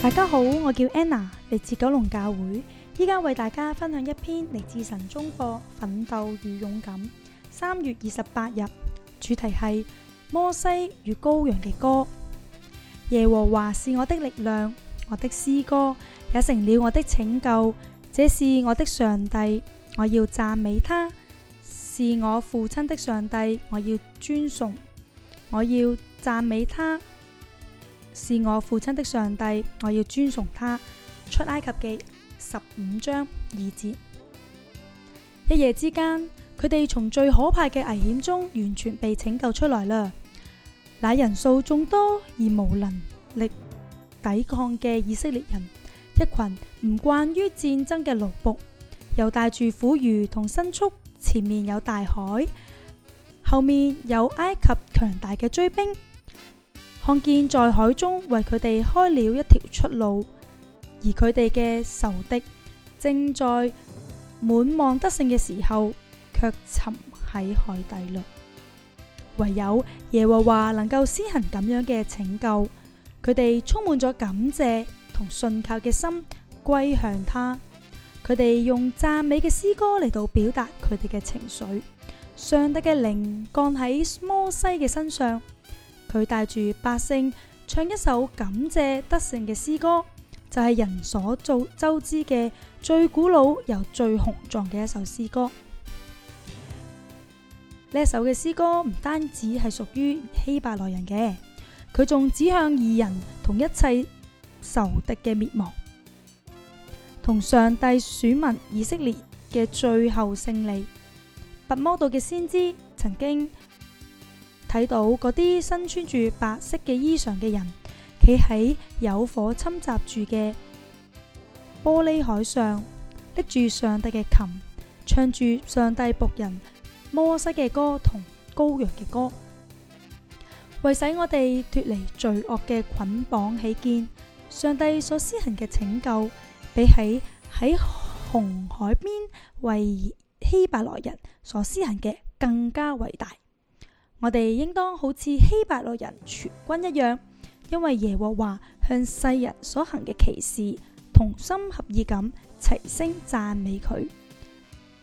大家好，我叫 Anna，嚟自九龍教會，依家為大家分享一篇嚟自神中課《奮鬥與勇敢》。三月二十八日，主題係摩西與羔羊嘅歌。耶和華是我的力量，我的詩歌也成了我的拯救。這是我的上帝，我要讚美他。是我父親的上帝，我要尊崇。我要讚美他。是我父親的上帝，我要尊崇他。出埃及記十五章二節。一夜之間，佢哋從最可怕嘅危險中完全被拯救出來啦！那人數眾多而無能力抵抗嘅以色列人，一群唔慣於戰爭嘅奴僕，又帶住婦孺同牲畜，前面有大海，後面有埃及強大嘅追兵。看見在海中為佢哋開了一條出路，而佢哋嘅仇敵正在滿望得勝嘅時候，卻沉喺海底啦。唯有耶和華能夠施行咁樣嘅拯救，佢哋充滿咗感謝同信靠嘅心歸向他。佢哋用讚美嘅詩歌嚟到表達佢哋嘅情緒，上帝嘅靈降喺摩西嘅身上。佢帶住百姓唱一首感謝得勝嘅詩歌，就係人所做周知嘅最古老又最雄壯嘅一首詩歌。呢首嘅詩歌唔單止係屬於希伯來人嘅，佢仲指向二人同一切仇敵嘅滅亡，同上帝選民以色列嘅最後勝利。拔摩島嘅先知曾經睇到嗰啲身穿住白色嘅衣裳嘅人，企喺有火侵襲住嘅玻璃海上，拎住上帝嘅琴，唱住上帝僕人摩西嘅歌同羔羊嘅歌，為使我哋脫離罪惡嘅捆綁起見，上帝所施行嘅拯救，比起喺紅海邊為希伯來人所施行嘅更加偉大。我哋應當好似希伯來人全軍一樣，因為耶和華向世人所行嘅奇事，同心合意咁齊聲讚美佢。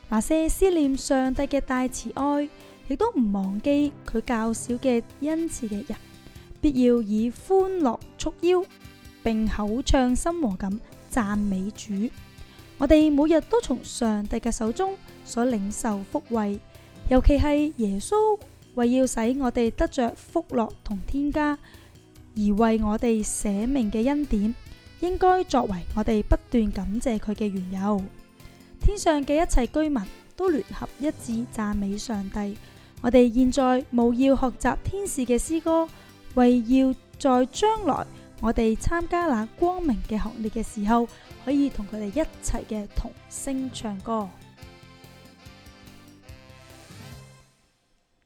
那些思念上帝嘅大慈愛，亦都唔忘記佢較少嘅恩賜嘅人，必要以歡樂束腰，並口唱心和咁讚美主。我哋每日都從上帝嘅手中所領受福惠，尤其係耶穌。為要使我哋得着福樂同天家，而為我哋捨命嘅恩典，應該作為我哋不斷感謝佢嘅緣由。天上嘅一切居民都聯合一致讚美上帝。我哋現在務要學習天使嘅詩歌，為要在將來我哋參加那光明嘅行列嘅時候，可以同佢哋一齊嘅同聲唱歌。